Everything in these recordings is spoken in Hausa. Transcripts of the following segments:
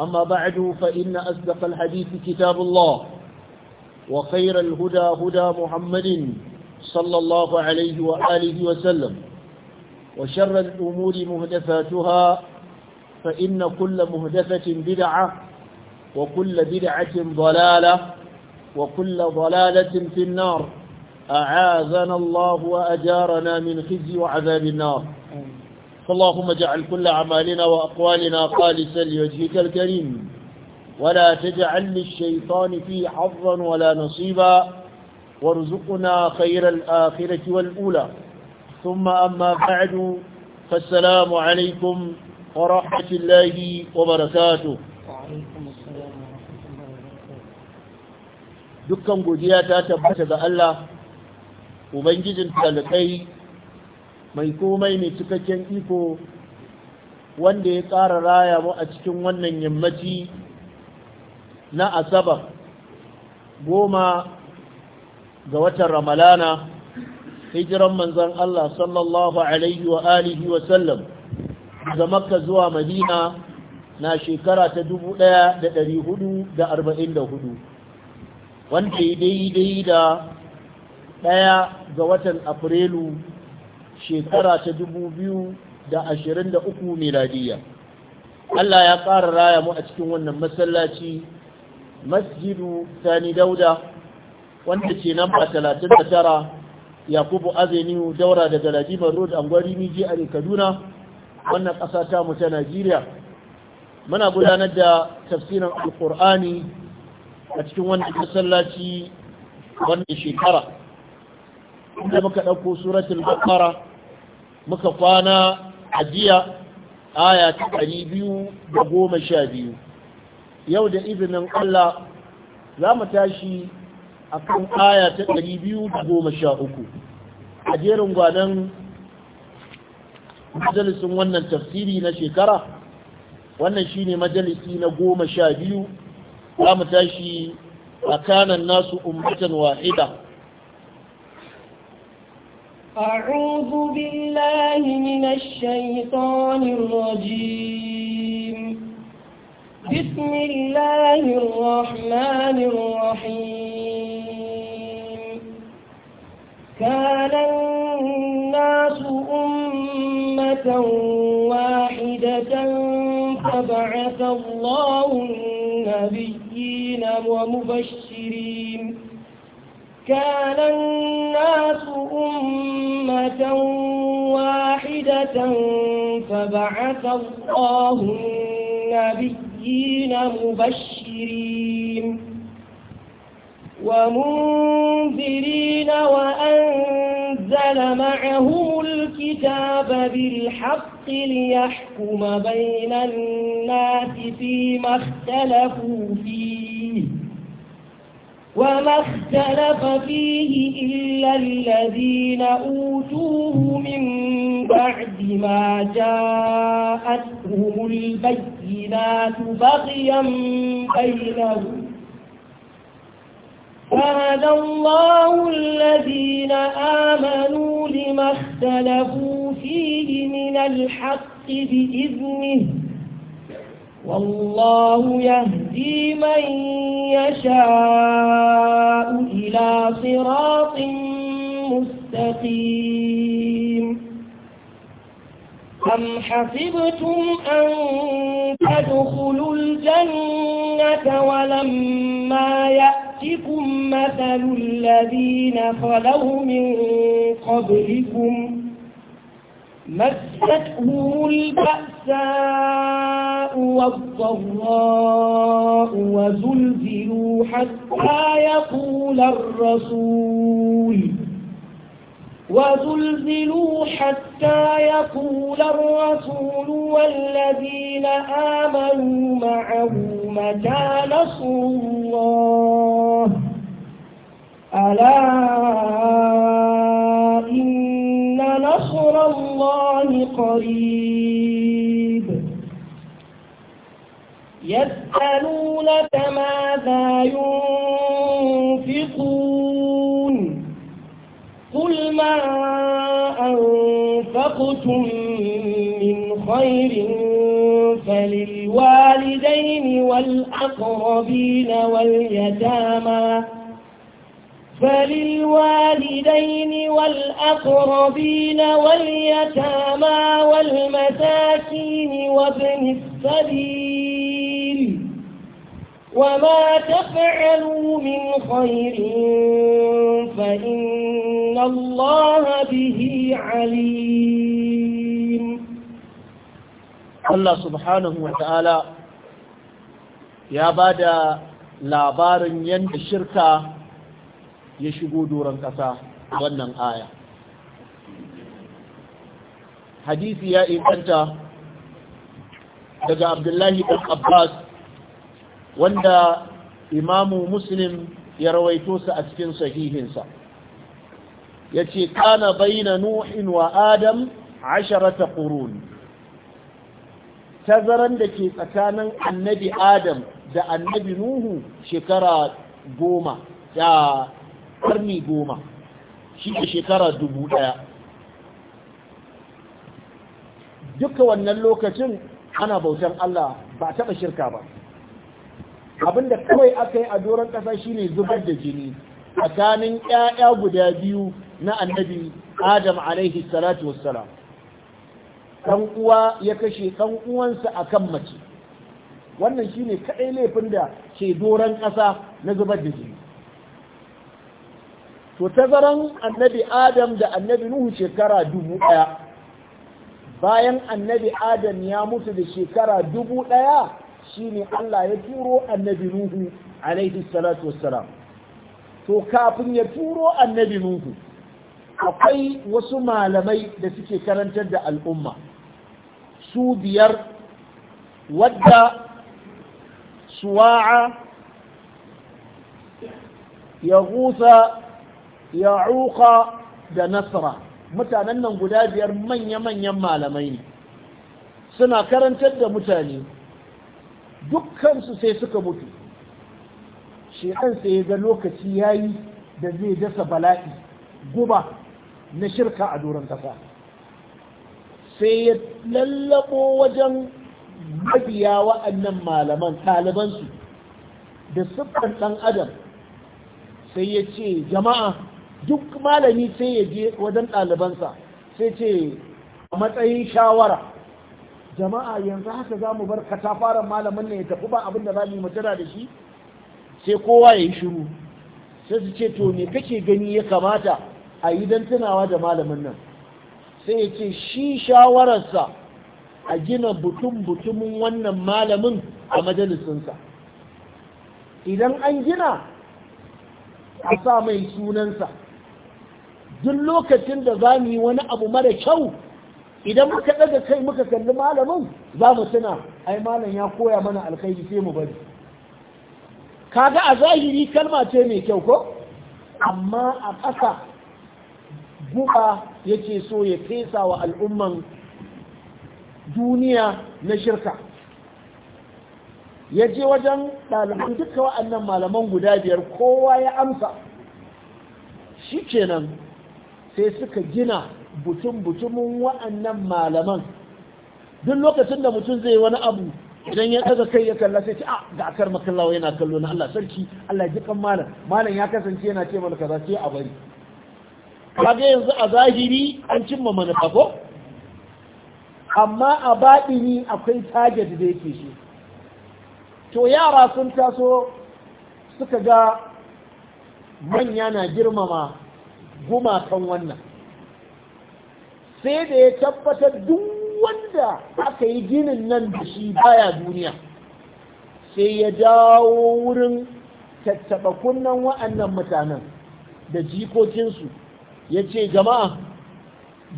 أما بعد فإن أصدق الحديث كتاب الله وخير الهدى هدى محمد صلى الله عليه وآله وسلم وشر الأمور مهدفاتها فإن كل مهدفة بدعة وكل بدعة ضلالة وكل ضلالة في النار أعاذنا الله وأجارنا من خزي وعذاب النار فاللهم اجعل كل أعمالنا وأقوالنا خالصا لوجهك الكريم ولا تجعل للشيطان فيه حظا ولا نصيبا وارزقنا خير الآخرة والأولى ثم أما بعد فالسلام عليكم ورحمة الله وبركاته وعليكم السلام ورحمة الله وبركاته دكا مجياتا تبتد الله ومنجز تلقي mai komai mai cikakken iko wanda ya ƙara raya mu a cikin wannan yammaci na asabar goma ga watan ramalana hijiran manzan Allah sallallahu alaihi wa alihi wa sallam dubu makka zuwa madina na shekara ta 1444 wanda ya daidai da ɗaya ga watan afrilu shekara ta dubu biyu da ashirin da uku miladiya Allah ya ƙara raya mu a cikin wannan masallaci masjidu sani dauda wanda ce namba talatin da tara yakubu avenue daura daga lajimar road angwari miji a kaduna wannan ƙasa ta mu ta najeriya muna gudanar da tafsirin alƙur'ani a cikin wannan masallaci wannan shekara inda muka ɗauko suratul baqara muka kwana a jiya aya ta ɗari biyu da goma sha biyu yau da izinin Allah za mu tashi a kan aya ta ɗari biyu da goma sha uku a jerin gwanon majalisun wannan tafsiri na shekara wannan shine majalisi na goma sha biyu za mu tashi a kanan nasu ummatan wahida أعوذ بالله من الشيطان الرجيم بسم الله الرحمن الرحيم كان الناس أمة واحدة فبعث الله النبيين ومبشرين كان الناس أمة واحدة فبعث الله النبيين مبشرين ومنذرين وأنزل معهم الكتاب بالحق ليحكم بين الناس فيما اختلفوا فيه وما اختلف فيه إلا الذين أوتوه من بعد ما جاءتهم البينات بغيا بينهم فهدى الله الذين آمنوا لما اختلفوا فيه من الحق بإذنه والله يهدي من يشاء إلى صراط مستقيم أم حسبتم أن تدخلوا الجنة ولما يأتكم مثل الذين خلوا من قبلكم مستهم البأساء والضراء وزلزلوا حتى يقول الرسول وزلزلوا حتى يقول الرسول والذين آمنوا معه متى نصر الله ألا إن نصر الله قريب يسألونك ماذا ينفقون قل ما أنفقتم من خير فللوالدين والأقربين واليتامى فللوالدين والأقربين واليتامى والمساكين وابن السبيل وما تفعلوا من خير فإن الله به عليم الله سبحانه وتعالى يا بعد لا بارن shirka ya shigo doron ƙasa wannan aya hadisi ya inganta daga abdullahi ɗan abbas wanda imamu muslim ya rawaito sa a cikin sahihinsa ya ce kana bayyana nuhin wa adam asharata ƙuruni tazaran da ke tsakanin annabi adam da annabi nuhu shekara goma da karni goma shi ke shekara dubu ɗaya duka wannan lokacin ana bautan Allah ba a taɓa shirka ba abinda kawai aka yi a doron ƙasa shine zubar da jini tsakanin ƴaƴa guda biyu na annabi adam alaihi salatu wassalam ɗan uwa ya kashe ɗan uwansa a kan mace wannan shine kaɗai laifin da ke doron ƙasa na zubar da jini to tazaran annabi adam da annabi nuhu shekara dubu ɗaya bayan annabi adam ya mutu da shekara dubu ɗaya shine Allah ya turo annabi nuhu alaihi salatu wassalam to kafin ya turo annabi nuhu akwai wasu malamai da suke karantar da al'umma su biyar wadda suwa'a ya gusa ya'uqa da nasara, mutanen nan guda biyar manya-manyan malamai ne suna karantar da mutane dukkansu sai suka mutu Shi'an sai ya ga lokaci ya yi da zai dasa bala'i guba na shirka a doron kasa. sai ya lallabo wajen mabiya wa'annan malaman ɗalibansu da siffar ɗan adam sai ya ce jama'a duk malami sai ya je wajen ɗalibansa sai ce a matsayin shawara jama'a yanzu haka za mu bar katafaren malamin ne ya tafi ba abin da za mu yi matsala da shi sai kowa ya yi shiru sai su ce to me kake gani ya kamata a yi don tunawa da malamin nan sai ya ce shi shawararsa a gina butun-butumin wannan malamin a majalisinsa idan an gina a sa mai sunansa duk lokacin da za mu yi wani abu mara kyau idan muka daga kai muka kalli malamin za mu suna, ai malam ya koya mana alkhairi sai mu bari kaga a zahiri kalma ce mai kyau ko amma a ƙasa guba yake so ya fesa wa al'umman duniya na shirka ya je wajen ɗaliban duka wa'annan malaman guda biyar kowa ya amsa shi kenan sai suka gina butun-butumin wa'annan malaman duk lokacin da mutum zai wani abu idan ya daga kai ya kalla sai ce a ah, ga akar makallawa yana kallo na Allah sarki Allah ya kan malam malam ya kasance yana ce mana kaza sai a bari kaga yanzu a zahiri an cimma manufa ko amma a baɗini akwai target da yake shi to yara sun taso suka ga manya na girmama gumakan wannan sai da ya tabbatar duk wanda aka yi ginin nan da shi baya duniya sai ya dawo wurin tattaba kunnan wa'annan mutanen da jikokinsu ya ce jama'a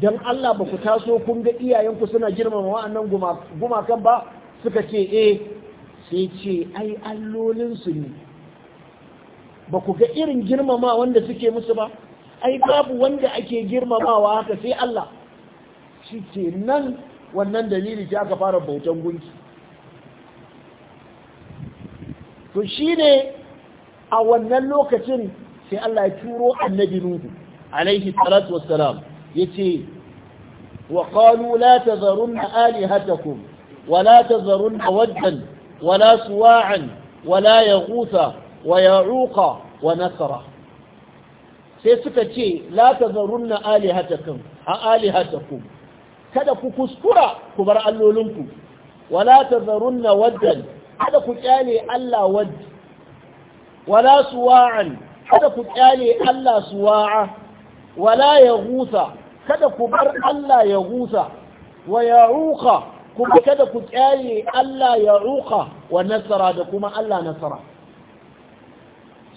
don Allah ba ku taso kun ga iyayenku suna girmama wa'annan gumakan ba suka ce eh sai ce ai allolinsu ne ba ku ga irin girmama wanda suke musu ba ai babu wanda ake girmamawa haka sai Allah shi ke nan wannan dalili ta aka fara bautan gunki to shi ne a wannan lokacin sai Allah ya turo annabi Nuhu alaihi salatu wassalam yace wa qalu la tazarunna alihatakum wa la tazarunna waddan wa la suwa'an wa la yaghutha wa ya'uqa wa nasara. sai suka ce la ta tazarunna alihatakum a alihatakum kada ku kuskura ku bar allolinku wala tazarunna waddan kada ku kyale Allah wadd wala suwa'an kada ku kyale Allah suwa'a wala yaghutha kada ku bar Allah yaghutha wa ya'uqa kuma kada ku kyale Allah ya'uqa wa nasara da kuma Allah nasara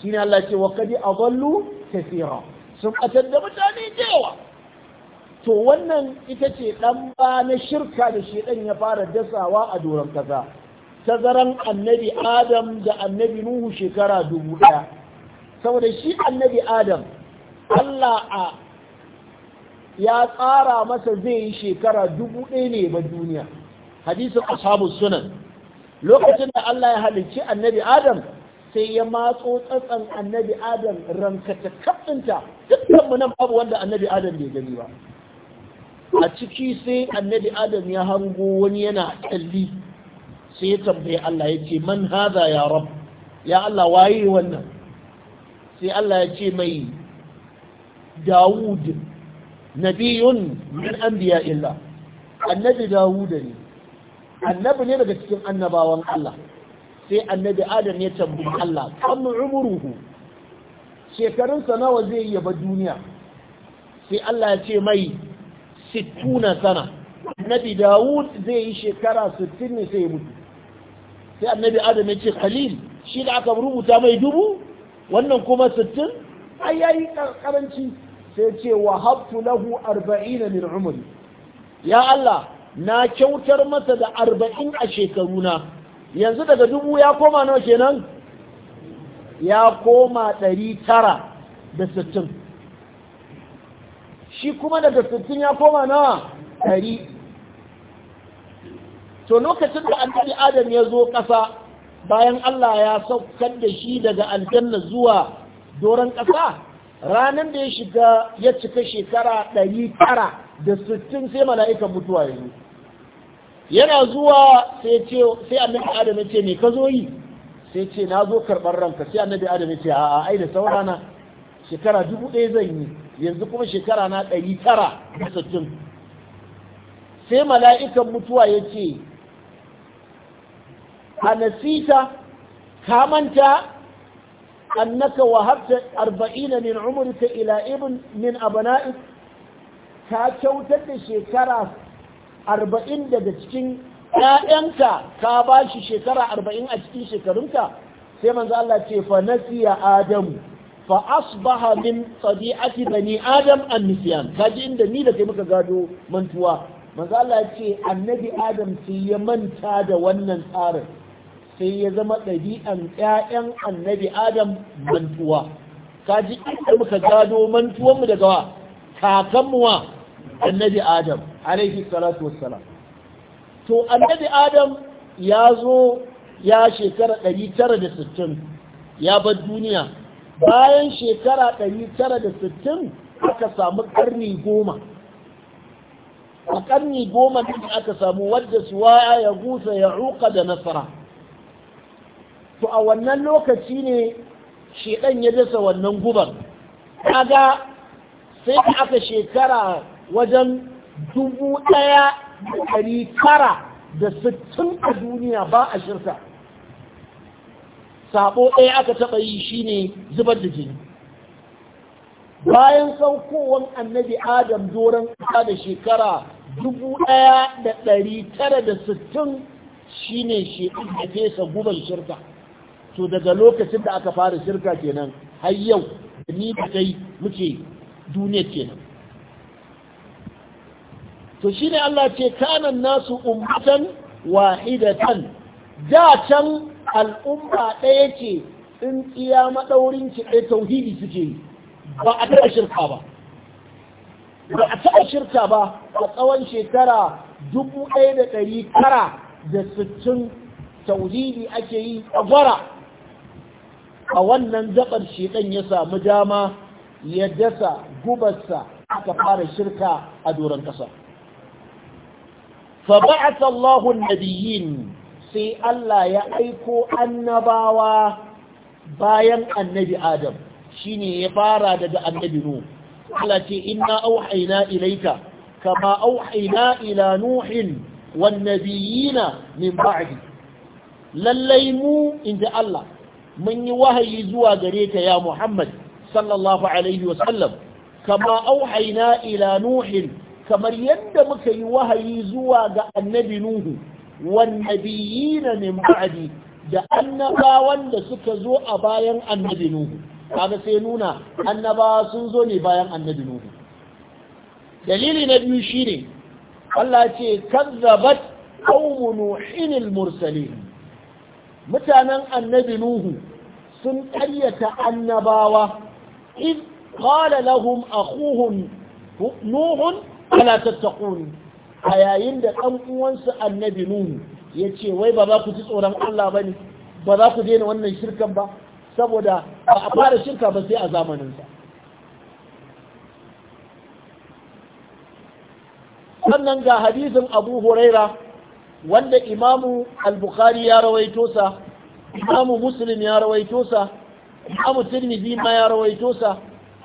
shine Allah ce wa kadi adallu kathira sun batar da mutane da to wannan ita ce ɗan ba na shirka da shedan ya fara dasawa a doron kasa tazaran annabi adam da annabi nuhu shekara dubu ɗaya saboda shi annabi adam allah a ya tsara masa zai yi shekara dubu ɗaya ne ba duniya hadisin ashabu sunan lokacin da allah ya halicci annabi adam sai ya matso tsatsan annabi adam rankata kaɗinta dukkan mu nan babu wanda annabi adam bai gani ba a ciki sai annabi adam ya hango wani yana kalli sai ya tambaye Allah ya ce man haza ya rab ya Allah waye wannan sai Allah ya ce mai Dawud nabiyun min anbiya illa annabi Dawud ne annabi ne daga cikin annabawan Allah sai annabi adam ya tambayi Allah kam umruhu shekarun nawa zai yi ba duniya sai Allah ya ce mai 60 sana annabi Dawud zai yi shekara 60 ne sai ya mutu sai annabi adam ya ce khalil shi da aka rubuta mai dubu wannan kuma 60 ai yayi karanci sai ce wa habtu lahu 40 min umri ya Allah na kyautar masa da 40 a shekaruna yanzu daga dubu ya koma nawa kenan ya koma ɗari tara da sittin shi kuma daga sittin ya koma nawa ɗari to lokacin da annabi adam ya zo ƙasa bayan Allah ya saukar da shi daga aljanna zuwa doron ƙasa ranar da ya shiga ya cika shekara ɗari tara da sittin sai mala'ika mutuwa ya yi. yana zuwa sai ce sai annabi adam ya ce me ka zo yi sai ce na zo karɓar ranka sai annabi adam ya ce a'a ai da saurana shekara dubu ɗaya zan yi yanzu kuma shekara na ɗari tara da sittin sai mala'ikan mutuwa ya ce a nasita ka manta annaka wahabta arba'ina min umurka ila ibn min abana'ik ka kyautar da shekara arba'in daga cikin ‘ya'yanka ka ba shi shekara arba'in a cikin shekarunka sai manzo Allah ce fa nasiya adamu fa asbaha min tabi'ati bani adam an nisyan kaji inda ni da kai muka gado mantuwa manzo Allah ce annabi adam sai ya manta da wannan tsarin sai ya zama ɗabi'an 'ya'yan annabi adam mantuwa kaji inda muka gado mantuwanmu daga wa kakan wa annabi adam alaihi salatu wassalam to annabi adam ya zo ya shekara 960 ya bar duniya bayan shekara 960 aka samu karni goma a karni goma ne aka samu wadda suwaya ya gusa ya ruka da nasara to a wannan lokaci ne shedan ya dasa wannan gubar kaga sai aka shekara wajen dubu ɗaya da ɗari tara da sittin a duniya ba a shirka sabo ɗaya aka taɓa yi shine zubar da jini bayan saukowar annabi adam doron ƙasa da shekara dubu ɗaya da ɗari tara da sittin shine shekar da fesa guban shirka to daga lokacin da aka fara shirka kenan har yau da ni da kai muke duniya kenan to ne Allah ce kanan nasu ummatan wahidatan da can al'umma ɗaya ce tsintsiya maɗaurin ki ɗaya tauhidi suke yi ba a taɓa shirka ba ba a taɓa shirka ba a tsawon shekara dubu ɗaya da ɗari tara da sittin tauhidi ake yi a gwara a wannan zaɓar shekan ya samu dama ya dasa gubarsa aka fara shirka a doron ƙasa. fa ba'atha Allahu nabiyyin sai Allah ya aiko annabawa bayan annabi Adam shine ya fara daga annabi Nuh Allah ce inna auhayna ilayka kama auhayna ila nuhin wan nabiyina min ba'di lallai mu inda Allah mun yi wahayi zuwa gare ka ya Muhammad sallallahu alaihi ila nuhin kamar yadda muka yi wahayi zuwa ga annabi nuhu wan ne min da annabawan da suka zo a bayan annabi nuhu kaga sai nuna annabawa sun zo ne bayan annabi nuhu dalili na biyu shine Allah ce kazzabat qaumu nuhin mursalin mutanen annabi nuhu sun ƙaryata annabawa iz qala lahum akhuhum nuhun ana tattaquni a yayin da ɗan uwansa annabi nuhu ya ce wai ba za ku ji tsoron Allah ba ne ba za ku daina wannan shirkan ba saboda ba a fara shirka ba sai a zamaninsa sannan ga hadisin abu huraira wanda imamu al-bukhari ya rawaito sa imamu muslim ya rawaito sa imamu tirmidhi ma ya rawaito sa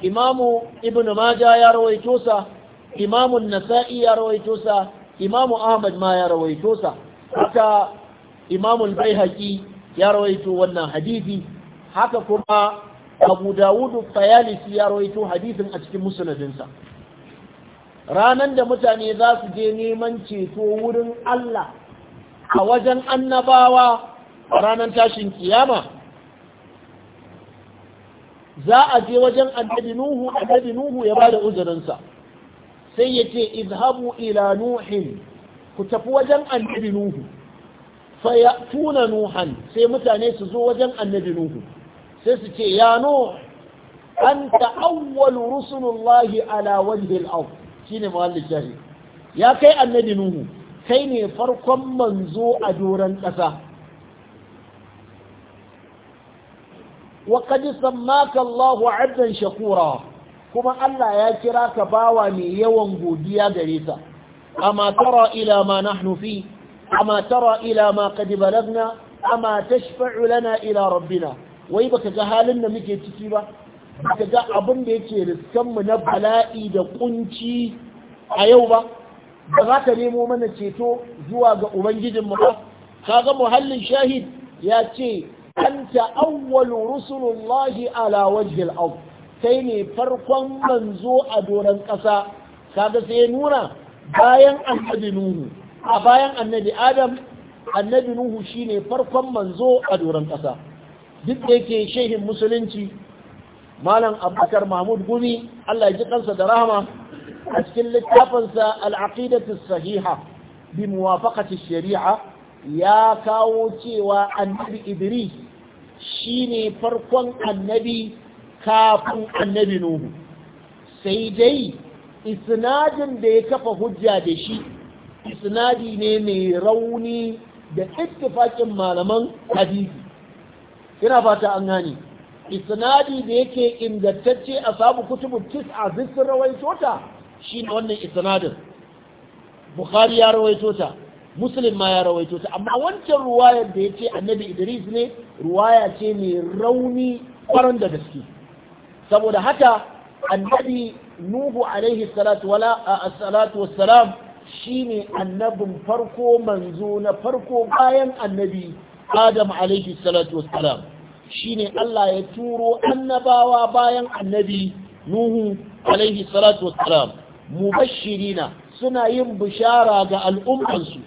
imamu ibnu majah ya rawaito sa imamun nasa'i ya rawaito sa imamu ahmad ma ya rawaito sa haka imamun baihaqi ya rawaito wannan hadisi haka kuma abu dawud tayalisi ya rawaito hadisin a cikin musnadinsa ranan da mutane za su je neman ceto wurin Allah a wajen annabawa ranar tashin kiyama za a je wajen annabi nuhu annabi nuhu ya bada uzurinsa sai yace izhabu ila nuhin ku tafi wajen annabi nuhu fa nuhan sai mutane su zo wajen annabi nuhu sai su ce ya nuh anta awwal rusulullahi ala wajhi al-ard shine mawallin shahid ya kai annabi nuhu kai ne farkon manzo a doron ƙasa وقد سماك الله عبدا kuma Allah ya kira ka bawa mai yawan godiya gare sa amma tara ila ma nahnu fi amma tara ila ma qad balagna amma tashfa'u lana ila rabbina wai baka ga halin da muke ciki ba baka ga abin da yake riskan mu na bala'i da kunci a yau ba ba za ka nemo mana ceto zuwa ga ubangijin mu ba kaga muhallin shahid ya ce anta awwalu rusulullahi ala wajhil ardh kai ne farkon manzo a doron ƙasa kaga sai nuna bayan annabi nuhu a bayan annabi adam annabi nuhu shine farkon manzo a doron ƙasa duk da yake shehin musulunci malam abubakar mahmud gumi allah ji kansa da rahama a cikin littafinsa al'aqidatu sahiha bi muwafaqati shari'a ya kawo cewa annabi idris shine farkon annabi kafin annabi nuhu sai dai isnadin da ya kafa hujja da shi isnadi ne mai rauni da ittifaqin malaman hadisi ina fata an gane isnadi da yake ingantacce a sabu kutubu tis'a duk rawaito ta shine wannan isnadin bukhari ya rawaito ta muslim ma ya rawaito ta amma wancan ruwayar da ya annabi idris ne ruwaya ce mai rauni kwaran da gaske saboda haka annabi nuhu alaihi salatu wassalam shine annabin farko manzo na farko bayan annabi adam alaihi salatu wassalam shine Allah ya turo annabawa bayan annabi nuhu alaihi salatu wassalam mubashirina suna yin bishara ga al'ummansu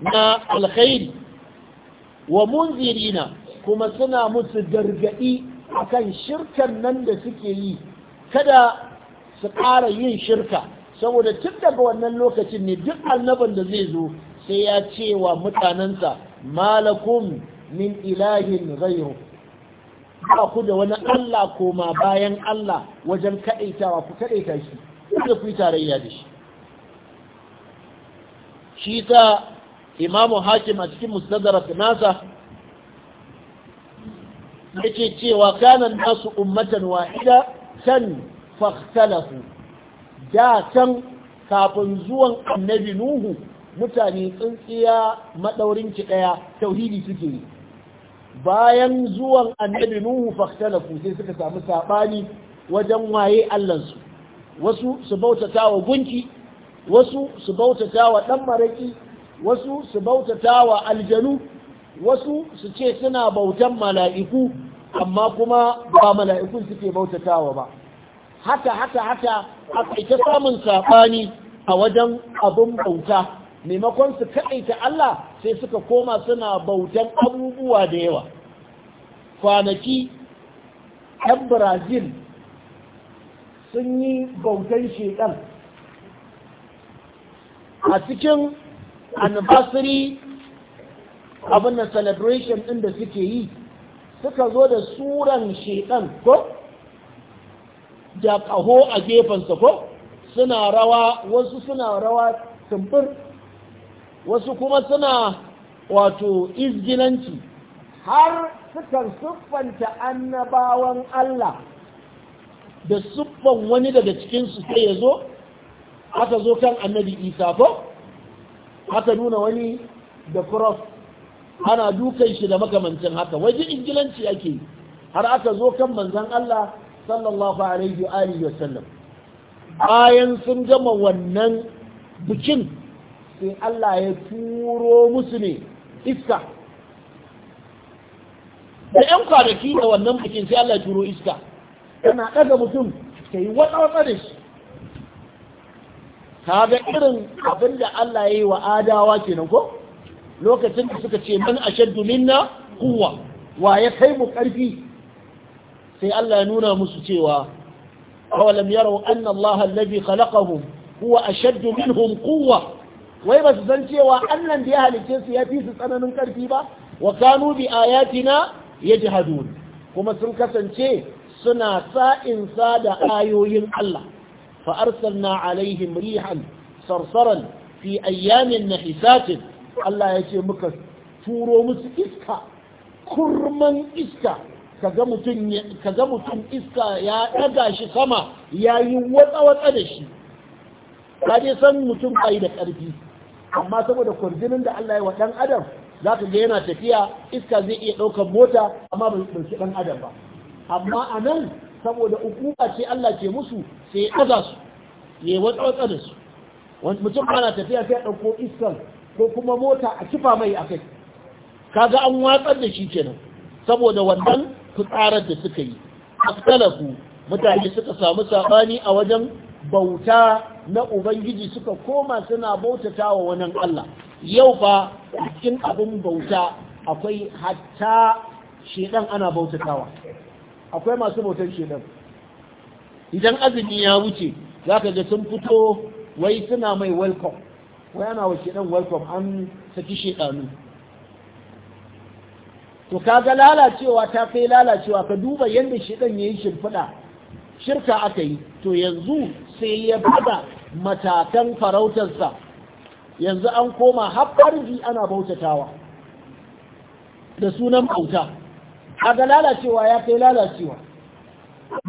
na alkhairi wa munzirina kuma suna musu gargadi akan shirkan nan da suke yi kada su ƙara yin shirka saboda tun daga wannan lokacin ne duk annaban da zai zo sai ya ce wa mutanensa malakum min ilahin ghayru ba ku da wani Allah koma bayan Allah wajen kaɗaitawa ku kaɗaita shi da ku yi tarayya da shi shi ta imamu hakim a cikin musnadar nasa yake cewa kanan nasu ummatan wahida can fakhtalafu da can kafin zuwan annabi nuhu mutane tsintsiya maɗaurinki ɗaya tauhidi suke yi bayan zuwan annabi nuhu fakhtalafu sai suka samu saɓani wajen waye allansu wasu su bautata wa gunki wasu su bautata wa ɗan Maraƙi, wasu su bautata wa aljanu wasu su ce suna bautan mala'iku amma kuma ba mala'ikun suke bautatawa ba haka haka haka a ita samun saɓani a wajen abin bauta maimakon su kaɗaita Allah sai suka koma suna bautan abubuwa da yawa kwanaki ‘yan brazil sun yi bautan shekar a cikin anniversary abin da celebration ɗin da suke yi suka zo da suran shekan ko da ƙaho a gefensa ko suna rawa wasu suna rawa tumbur wasu kuma suna wato izginanci har sukan siffanta annabawan Allah da siffan wani daga cikinsu sai ya zo aka zo kan annabi isa ko aka nuna wani da cross ana dukan shi da makamancin haka waje ingilanci ake yi har aka zo kan manzan Allah sallallahu alaihi wa alihi wasallam bayan sun gama wannan bikin sai Allah ya turo musu ne iska da ‘yan kwanaki da wannan bikin sai Allah ya turo iska yana ɗaga mutum ta yi wata da shi ta ga irin abin da Allah ya yi wa adawa kenan ko? lokacin da suka ce man ashaddu minna quwwa wa ya kai mu karfi sai Allah ya nuna musu cewa awalam yaraw anna Allah alladhi khalaqahum huwa ashaddu minhum quwwa wai ba su san cewa Allah da ya halicce su ya fi su tsananin karfi ba wa kanu bi ayatina yajhadun kuma sun kasance suna sa'in sa da ayoyin Allah fa arsalna alaihim rihan sarsaran fi ayyamin nahisatin Allah ya ce muka turo musu iska kurman iska Ka ga mutum iska ya ɗaga shi sama yi watsa watsa da shi ka je san mutum ƙai da ƙarfi. amma saboda kwarjinin da Allah ya wa ɗan adam za ka ga yana tafiya iska zai iya ɗaukar mota amma su dauki ɗan adam ba amma a nan saboda ukuka ce Allah ke musu sai ya ɗaga su ya yi watsa watsa da su mutum ana tafiya sai ya ɗauko iskan ko kuma mota a kifa mai a kai kaga an watsar da shi kenan saboda wannan fitsarar da suka yi aktalaku mutane suka samu sabani a wajen bauta na ubangiji suka koma suna bautata wa wani Allah yau fa cikin abin bauta akwai hatta shedan ana bautatawa akwai masu bautar shedan idan azumi ya wuce zaka ga sun fito wai suna mai welcome wayana ana wa shedan welcome an saki shedanu to kaga lalacewa ta kai lalacewa ka duba yadda ya yi shimfiɗa shirka aka yi to yanzu sai ya bada matakan farautarsa yanzu an koma haɓarji ana bautatawa da sunan bauta kaga lalacewa ya kai lalacewa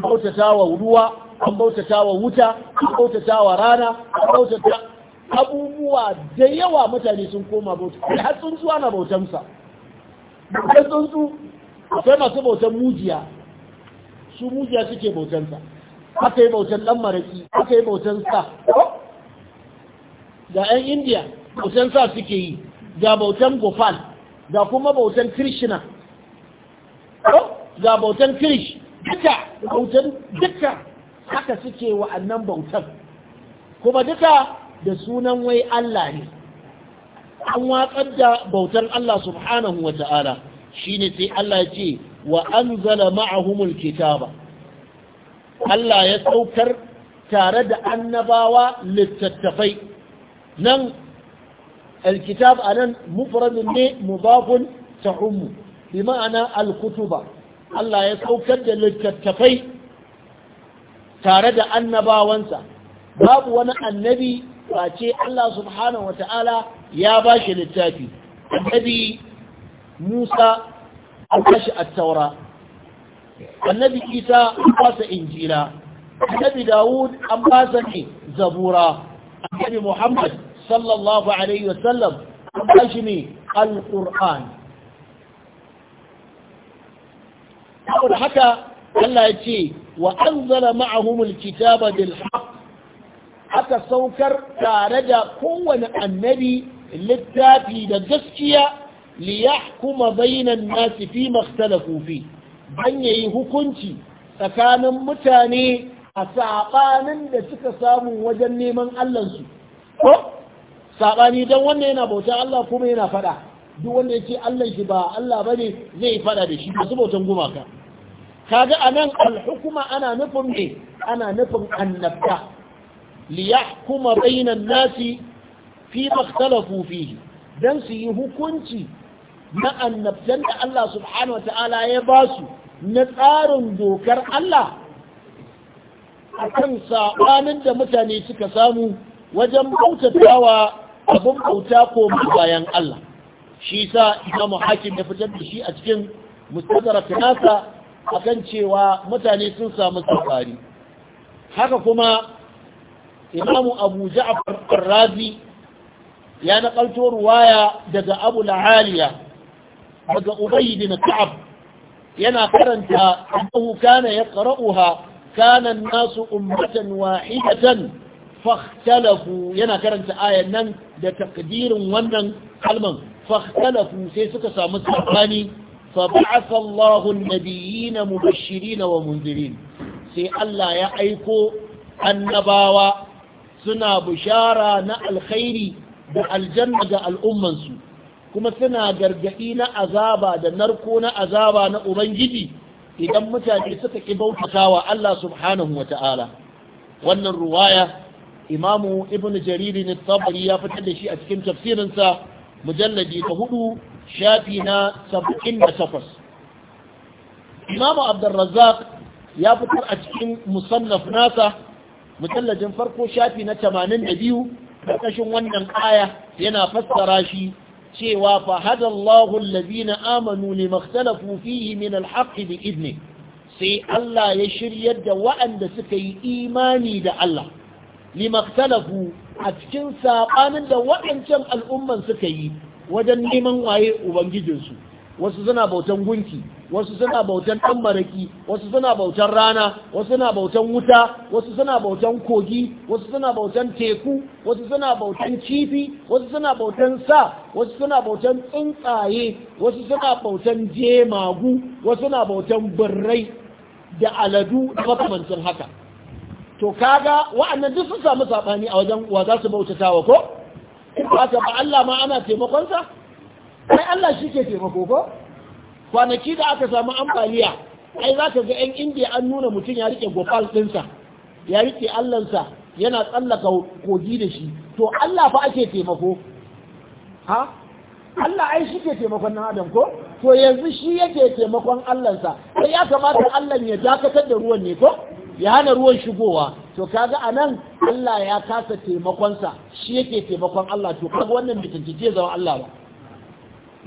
bautatawa ruwa an bautatawa wuta an bautatawa rana an bautata abubuwa da yawa mutane sun koma bauta har zuwa ana bautansa sun tsuntsu akwai masu bautan mujiya su mujiya suke bautansa aka yi bautan ɗan maraki aka yi bautan sa ga 'yan indiya bautan sa suke yi ga bautan gopal ga kuma bautan krishna ga bautan krish duka bautan duka haka suke wa'annan bautan kuma duka da sunan wai Allah ne an watsar da bautar Allah subhanahu wa ta'ala shine sai Allah ya ce wa anzala ma'ahumul kitaba Allah ya saukar tare da annabawa littattafai nan alkitab anan mufradun ne mudafun ta'ummu bi ma'ana alkutuba Allah ya saukar da littattafai tare da annabawansa babu wani annabi wace Allah subhanahu wata'ala ya ba shi littafi annabi Musa an bashi attaura. annabi Isa an ba sa injila annabi Dawud an ba sa ne zabura annabi Muhammad sallallahu alaihi wasallam an ba shi ne al-Qur'an haka Allah ya ce wa anzala ma'ahumul kitaba bil aka saukar tare da kowane annabi littafi da gaskiya liyahkuma bainan nasi fi makhtalafu fi dan yayi hukunci tsakanin mutane a sabanin da suka samu wajen neman Allah ko sabani dan wanda yana bauta Allah kuma yana fada duk wanda yake Allah shi ba Allah bane zai fada da shi su bautan gumaka kaga anan alhukuma ana nufin ne ana nufin annabta liyahkuma bainan nasi fi makhtalafu fihi dan su yi hukunci na annabtan da Allah subhanahu wataala ya ba su na tsarin dokar Allah akan sabanin da mutane suka samu wajen bautatawa abin bauta ko bayan Allah shi sa Imam Hakim ya fitar da shi a cikin mustadrak nasa akan cewa mutane sun samu sabari haka kuma imamu abu ja'far razi ya nakalto ruwaya daga abu la'aliya daga ubayy bin ka'ab yana karanta annahu kana yaqra'uha kana an-nasu ummatan wahidatan fakhtalafu yana karanta ayan nan da takdirin wannan kalman fakhtalafu sai suka samu sabani fa ba'atha Allahu an-nabiyina mubashirin wa munzirin sai Allah ya aiko annabawa suna bishara na alkhairi da aljanna ga al'ummansu kuma suna gargaɗi na azaba da narko na azaba na ubangiji idan mutane suka ƙi bautata wa Allah subhanahu wa ta'ala wannan ruwaya imamu ibn jariri ne tabari ya fitar da shi a cikin tafsirinsa mujalladi ta hudu shafi na saba'in da takwas imamu abdulrazzaq ya fitar a cikin musannaf nasa mujallajin farko shafi na 82 karkashin wannan aya yana fassara shi cewa fa hadallahu allazina amanu limakhtalafu fihi min alhaqqi bi idni sai Allah ya shiryar da waɗanda suka yi imani da Allah limakhtalafu a cikin sabanin da waɗancan al'umman suka yi wajen neman waye ubangijinsu wasu suna bautan gunki wasu suna bautan ɗan maraki wasu suna bautan rana wasu suna bautan wuta wasu suna bautan kogi wasu suna bautan teku wasu suna bautan kifi wasu suna bautan sa wasu suna bautan tsuntsaye wasu suna bautan jemagu wasu suna bautan birrai da aladu da makamancin haka to kaga wa'annan duk sun samu sabani a wajen wa za su bautatawa ko ba ta ba Allah ma ana taimakon sa sai Allah shi ke taimako ko kwanaki da aka samu ambaliya ai za ka ga 'yan indiya an nuna mutum ya rike gopal ɗinsa ya rike allansa yana tsallaka kogi da shi to Allah fa ake taimako ha Allah ai shi ke taimakon nan adam ko to yanzu shi yake taimakon allansa sai ya kamata Allah ya dakatar da ruwan ne ko ya hana ruwan shigowa to kaga a nan Allah ya kasa taimakonsa shi yake taimakon Allah to kaga wannan bitin ce zama Allah ba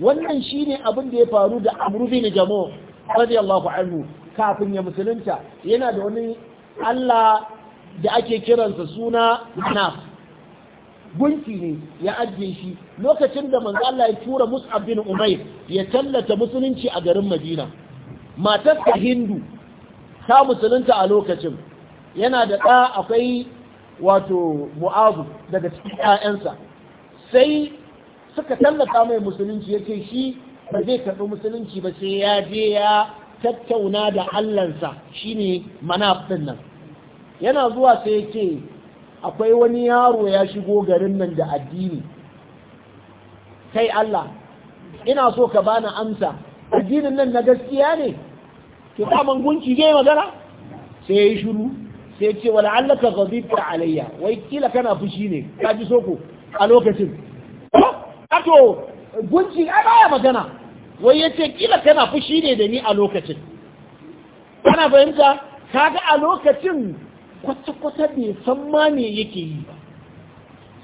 wannan shi ne abin da ya faru da amru na jamo radiyallahu anhu kafin ya musulunta yana da wani Allah da ake kiransa suna Naf gunki ne ya ajiye shi lokacin da manzo Allah ya tura Mus'ab bin Umair ya tallata musulunci a garin Madina matarsa Hindu ta musulunta a lokacin yana da ɗa akwai wato mu'azu daga cikin 'ya'yansa sai suka tallata mai musulunci ya shi ba zai karɓi musulunci ba sai ya je ya tattauna da allansa shi manaf manafin nan yana zuwa sai ya akwai wani yaro ya shigo garin nan da addini kai Allah ina so ka bani amsa addinin nan na gaskiya ne ke daman gunki zai magana sai ya yi shiru sai ce wala'allaka da alayya wai kila kana fushi ne ka ji soko a lokacin ato gunji ai baya magana wai yace kila kana fushi ne da ni a lokacin kana fahimta kaga a lokacin kwata-kwata bai san ma me yake yi ba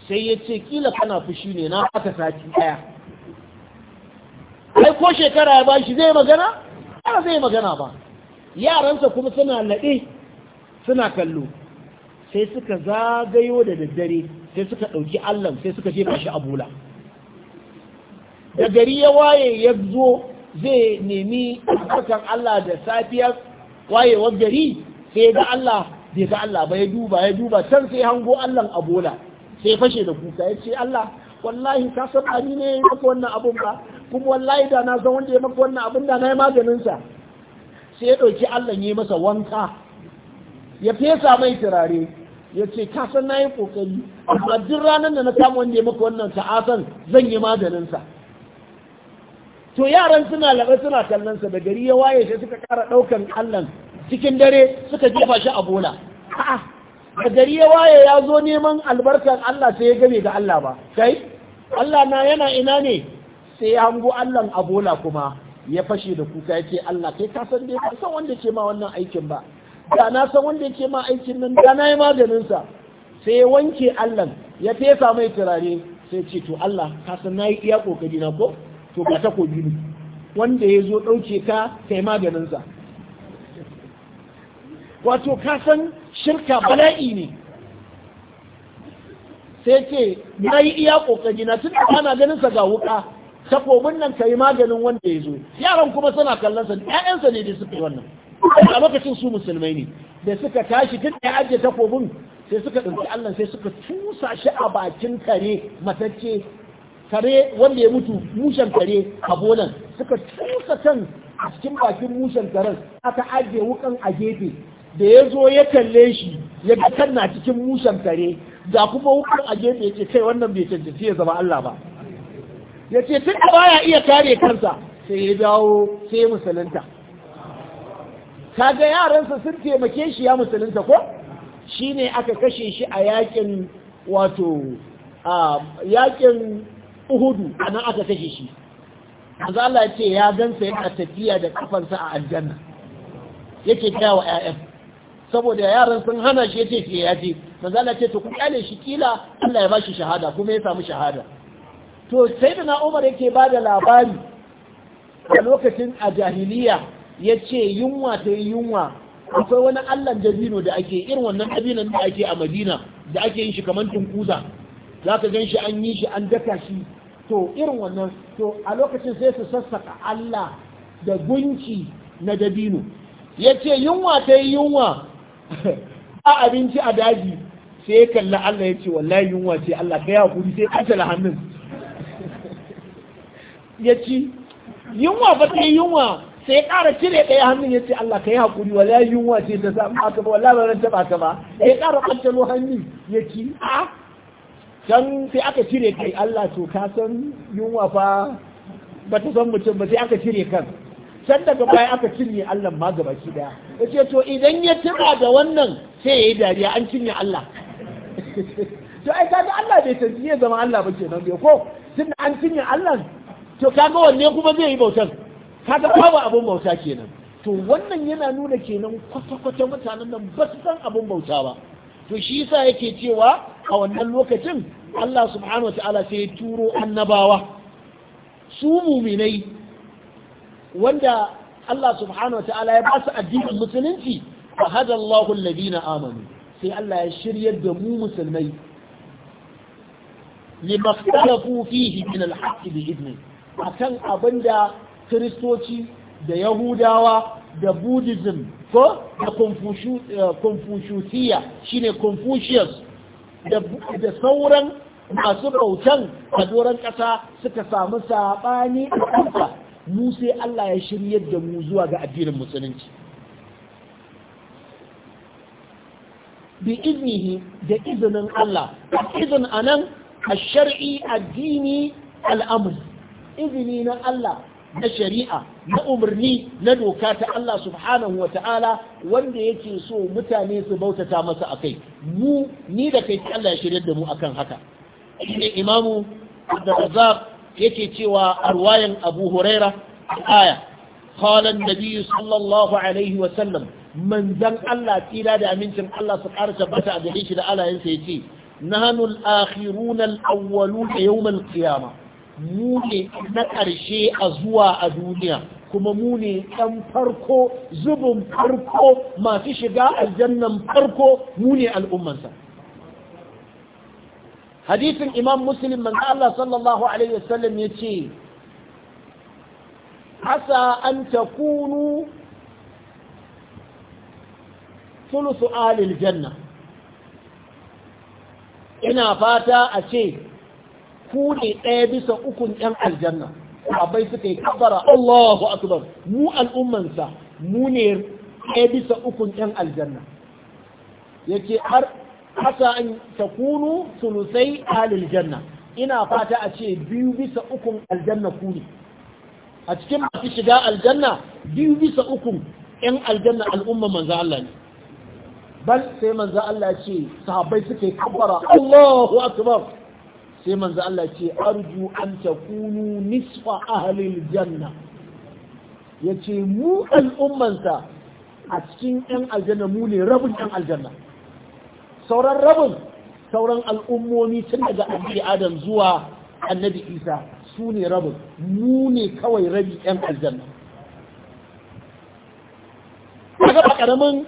sai ya ce kila kana fushi ne na haka sati daya ai ko shekara ya bashi zai magana ba zai magana ba yaransa kuma suna laɗe suna kallo sai suka zagayo da daddare sai suka ɗauki allon sai suka jefa shi a bula da gari ya waye ya zo zai nemi albarkan Allah da safiyar wayewar gari sai ga Allah bai ga Allah ba ya duba ya duba can sai hango Allah abola sai fashe da kuka ya ce Allah wallahi ka san ani ne maka wannan abun ba kuma wallahi da na san wanda ya maka wannan abun da na yi maganinsa? sai ya ɗauki Allah ya masa wanka ya fesa mai turare ya ce ka san na yi kokari amma duk ranar da na samu wanda ya maka wannan ta'asan zan yi maganinsa. to yaran suna laɓe suna kallon sa da gari ya waye sai suka ƙara ɗaukan allan cikin dare suka jefa shi a bola a'a da gari ya waye ya zo neman albarkar Allah sai ya game ga Allah ba kai Allah na yana ina ne sai ya hango Allah a bola kuma ya fashe da kuka yace Allah kai ka san dai ba san wanda ke ma wannan aikin ba da na san wanda ke ma aikin nan da na yi maganin sa sai ya wanke allah ya fesa mai turare sai ce to Allah ka san nayi iya kokari na ko to ba takobi ne wanda ya zo ɗauke ka kai maganinsa wato ka san shirka bala'i ne sai ce na yi iya ƙoƙari na tun da ana ganinsa ga wuƙa takobin nan ka maganin wanda ya zo yaran kuma suna kallonsa ‘ya'yansa ne da suka wannan a lokacin su musulmai ne da suka tashi tun da ya ajiye takobin sai suka ɗauki allah sai suka tusa shi a bakin kare matacce kare wanda ya mutu mushen kare a bolan suka tusa can a cikin bakin mushen karen aka ajiye wukan a gefe da ya zo ya kalle shi ya ga kan cikin mushen kare da kuma wukan a gefe ce kai wannan bai cancanci ya zama Allah ba ya ce tun da baya iya kare kansa sai ya dawo sai ya musulunta kaga yaransa sun taimake shi ya musulunta ko shine aka kashe shi a yakin wato a yakin uhudu a nan aka kashe shi azala ce ya gansa a tafiya da kafansa a aljanna yake kya wa 'ya'yan saboda yaran sun hana shi ya ce ya ce manzala ce to ku kyale shi kila Allah ya ba shi shahada kuma ya samu shahada to sai na Umar yake ba da labari a lokacin a jahiliya ce yunwa ta yi yunwa akwai wani Allah jazino da ake irin wannan dabinon da ake a Madina da ake yin shi kamar tunkuza za ka gan shi an yi shi an daka shi to irin wannan to a lokacin sai su sassaka Allah da gunki na dabino ya ce yunwa ta yi yunwa a abinci a daji sai ya kalla Allah ya ce wallahi yunwa ce Allah ka hakuri sai ajal hannun ya ci yunwa ba ta yi yunwa sai ya ƙara cire ɗaya hannun ya ce Allah ka yi hakuri wallahi yunwa ce ta samu aka ba wallahi ba ran taɓa ka ba ya ƙara ƙancalo hannun ya ci a can sai aka cire kai Allah to ka san yunwa fa ba ta san mutum ba sai aka cire kan can daga baya aka cinye Allah ma gaba shi daya ya ce to idan ya tuba da wannan sai ya yi dariya an cinye Allah to ai kaga Allah bai san ya zama Allah ba kenan bai ko tun an cinye Allah to kaga wanne kuma zai yi bautar kaga babu abin bauta kenan to wannan yana nuna kenan kwata-kwata mutanen nan ba su san abun bauta ba to shi yasa yake cewa a wannan lokacin Allah subhanahu ta'ala sai ya turo annabawa su muminai wanda Allah subhanahu ta'ala ya ba su addinin musulunci fa hada Allahu alladhina amanu sai Allah ya shiryar da mu musulmai lima ikhtalafu fihi min al-haqq bi idni akan abinda kristoci da yahudawa da buddhism ko da eh, confucius shine confucius da sauran masu bautan a ƙasa suka samu saɓani a kansa mu sai Allah ya shiryar da mu zuwa ga addinin musulunci bi iznihi da izinin Allah izin anan a shar'i addini al'amur izini na Allah na shari'a na umarni na doka ta Allah subhanahu wa ta'ala wanda yake so mutane su bautata masa akai kai mu ni da kai Allah ya shirya da mu akan haka shi imamu da razzaq yake cewa arwayan abu huraira aya qala nabi sallallahu alaihi wa sallam man dan Allah tsira da amincin Allah su ƙara tabbata a gare shi da Allah yansa yace nahnu al-akhirun al-awwalun yawm al-qiyamah mu ne na ƙarshe a zuwa a duniya kuma mu ne ɗan farko zubin farko masu shiga aljannan farko mu ne al'ummansa hadithin imam muslim man Allah sallallahu alaihi wasallam ya ce asa an kunu tulusu alil janna ina fata a ce ku ne ɗaya bisa ukun ‘yan aljanna abai suka yi kabara Allahu akbar mu al'ummansa mu ne ɗaya bisa ukun ‘yan aljanna yake har haka an takunu sulusai alil janna ina fata a ce biyu bisa ukun aljanna ku ne a cikin masu shiga aljanna biyu bisa ukun ‘yan aljanna al'umma manzo Allah ne bal sai manzo Allah ce sahabbai suke kabara Allahu akbar sai manzo Allah ce arju an takunu nisfa ahlil janna yace mu al'ummansa a cikin ɗan aljanna mu ne rabin ɗan aljanna sauran rabin sauran al'ummomi tun daga annabi adam zuwa annabi isa su ne rabin mu ne kawai rabi ɗan aljanna kaga ba karamin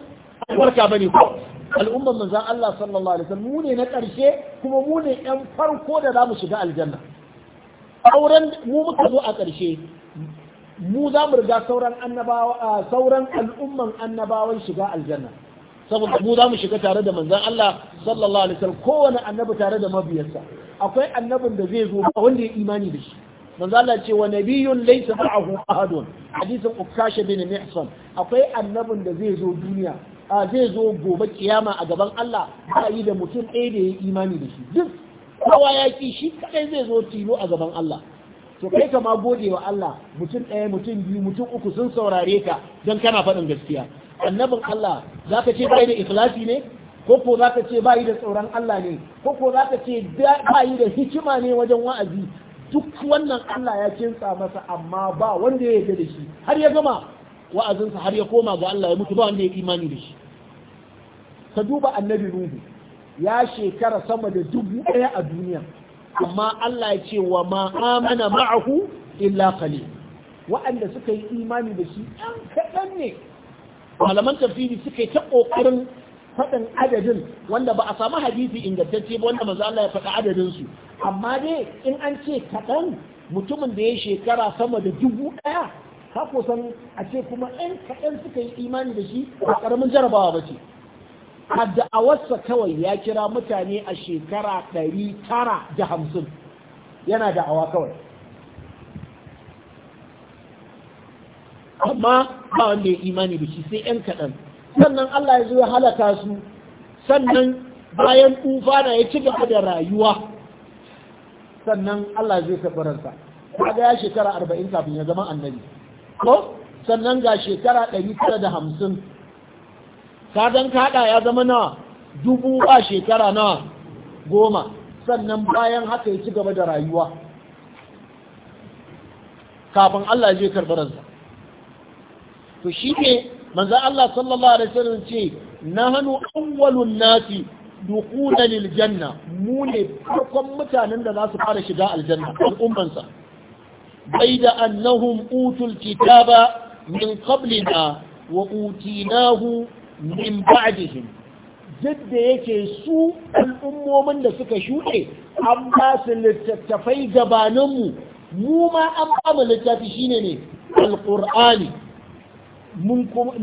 albarka bane ko al'ummar manzan Allah sallallahu alaihi wasallam mu ne na ƙarshe kuma mu ne ƴan farko da za mu shiga aljanna auren mu muka zo a ƙarshe mu za mu riga sauran annabawa sauran al'umman annabawan shiga aljanna saboda mu za mu shiga tare da manzan Allah sallallahu alaihi wasallam kowane annabi tare da mabiyarsa akwai annabin da zai zo ba wanda ya imani da shi manzo Allah ce wa nabiyyun laysa ma'ahu ahadun hadisin ukasha bin mihsan akwai annabin da zai zo duniya a zai zo gobe kiyama a gaban Allah ba yi da mutum ɗaya da ya yi imani da shi duk kowa ya ki shi kaɗai zai zo tilo a gaban Allah to kai ka ma gode wa Allah mutum ɗaya mutum biyu mutum uku sun saurare ka don kana faɗin gaskiya annabin Allah za ka ce ba da ikhlasi ne ko ko za ka ce yi da tsoron Allah ne ko ko za ka ce ba yi da hikima ne wajen wa'azi duk wannan Allah ya kinsa masa amma ba wanda ya yarda da shi har ya gama wa'azinsa har ya koma ga Allah ya mutu ba wanda ya imani da shi ka duba annabi nuhu ya shekara sama da dubu ɗaya a duniya amma Allah ya ce wa ma ma'ahu illa kale wa'anda suka yi imani da shi ɗan kaɗan ne malaman tafsiri suka yi ta ƙoƙarin faɗin adadin wanda ba a samu hadisi ingantacce ba wanda manzo Allah ya faɗa adadin su amma dai in an ce kaɗan mutumin da ya shekara sama da dubu ɗaya ka san a ce kuma ɗan kaɗan suka yi imani da shi a ƙaramin jarabawa ba ce a da'awarsa kawai ya kira mutane a shekara ɗari tara da hamsin yana da'awa kawai amma ba wanda ya imani da shi sai ‘yan kaɗan sannan Allah ya zo ya halaka su sannan bayan na ya ci gaba da rayuwa sannan Allah zai karɓi Ba ya shekara arba'in kafin ya zama annabi ko sannan ga shekara 950 kadan kada ya zama na dubu ba shekara na goma sannan bayan haka ya ci gaba da rayuwa kafin Allah zai karɓi ransa to shi ne manzan Allah sallallahu alaihi wasallam ce na hannu awwalun nasi dukunan aljanna mu ne farkon mutanen da za su fara shiga aljanna al'ummansa بيد أنهم أوتوا الكتاب من قبلنا وأوتيناه من بعدهم جد yake su al'ummomin da suka shuɗe an ba littattafai gabaninmu mu ma an ba mu shine ne alƙur'ani